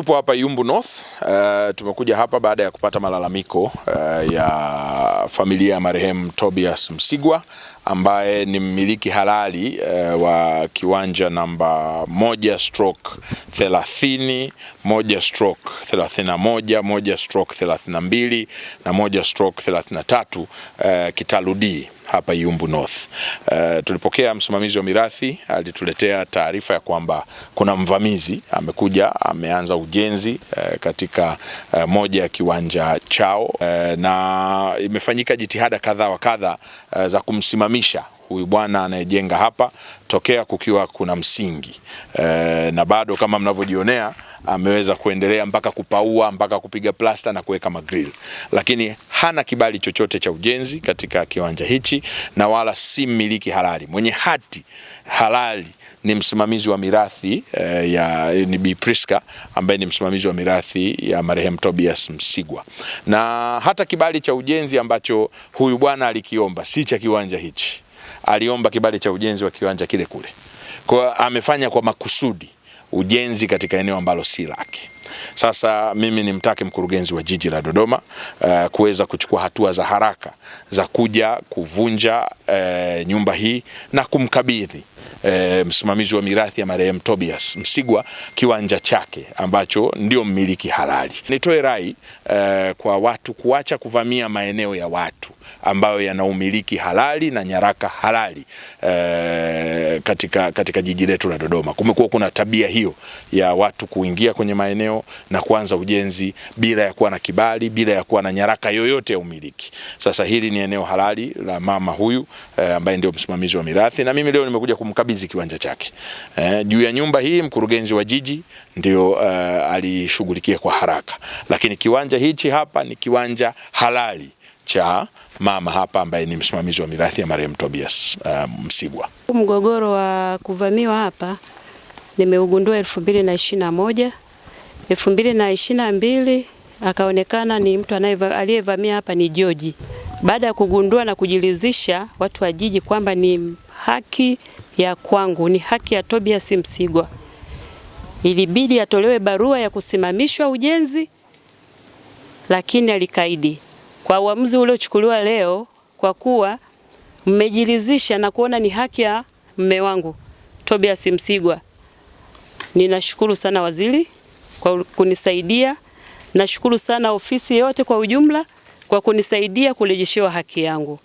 Tupo hapa yumbu North. Uh, tumekuja hapa baada ya kupata malalamiko uh, ya familia ya marehemu tobias Msigwa ambaye ni mmiliki halali uh, wa kiwanja namba moja stroke 30, moja stroke 31, moja stroke 32 na moja stroke 33 uh, kitaludi hapa yumbu North. Eh, tulipokea msimamizi wa mirathi alituletea taarifa ya kwamba kuna mvamizi amekuja ameanza ujenzi uh, katika uh, moja ya kiwanja chao uh, na imefanyika jitihada kadha wa kadha uh, za kumsimamisha huyu bwana anayejenga hapa tokea kukiwa kuna msingi uh, na bado kama mnavyojionea ameweza kuendelea mpaka kupaua mpaka kupiga plasta na kuweka magrill, lakini hana kibali chochote cha ujenzi katika kiwanja hichi na wala si mmiliki halali. Mwenye hati halali ni msimamizi wa mirathi eh, ya eh, Bi Priska ambaye ni msimamizi wa mirathi ya marehemu Tobias Msigwa, na hata kibali cha ujenzi ambacho huyu bwana alikiomba si cha kiwanja hichi, aliomba kibali cha ujenzi wa kiwanja kile kule, kwa amefanya kwa makusudi ujenzi katika eneo ambalo si lake. Sasa mimi nimtake mkurugenzi wa jiji la Dodoma uh, kuweza kuchukua hatua za haraka za kuja kuvunja uh, nyumba hii na kumkabidhi E, msimamizi wa mirathi ya marehemu tobias Msigwa kiwanja chake ambacho ndio mmiliki halali. Nitoe rai e, kwa watu kuacha kuvamia maeneo ya watu ambayo yana umiliki halali na nyaraka halali e, katika, katika jiji letu la Dodoma. Kumekuwa kuna tabia hiyo ya watu kuingia kwenye maeneo na kuanza ujenzi bila ya kuwa na kibali, bila ya kuwa na nyaraka yoyote ya umiliki. Sasa hili ni eneo halali la mama huyu eh, ambaye ndio msimamizi wa mirathi na mimi leo nimekuja kumkabidhi kiwanja chake. eh, juu ya nyumba hii mkurugenzi wa jiji ndio eh, alishughulikia kwa haraka, lakini kiwanja hichi hapa ni kiwanja halali cha mama hapa ambaye ni msimamizi wa mirathi ya marehemu Tobias uh, Msigwa. Mgogoro wa kuvamiwa hapa nimeugundua elfu mbili na ishirini na moja elfu mbili na ishirini na mbili akaonekana ni mtu aliyevamia hapa ni joji Baada ya kugundua na kujiridhisha watu wa jiji kwamba ni haki ya kwangu, ni haki ya Tobias Msigwa, ilibidi atolewe barua ya kusimamishwa ujenzi, lakini alikaidi. Kwa uamuzi uliochukuliwa leo, kwa kuwa mmejiridhisha na kuona ni haki ya mme wangu Tobias Msigwa, ninashukuru sana waziri kwa kunisaidia. Nashukuru sana ofisi yote kwa ujumla kwa kunisaidia kurejeshewa haki yangu.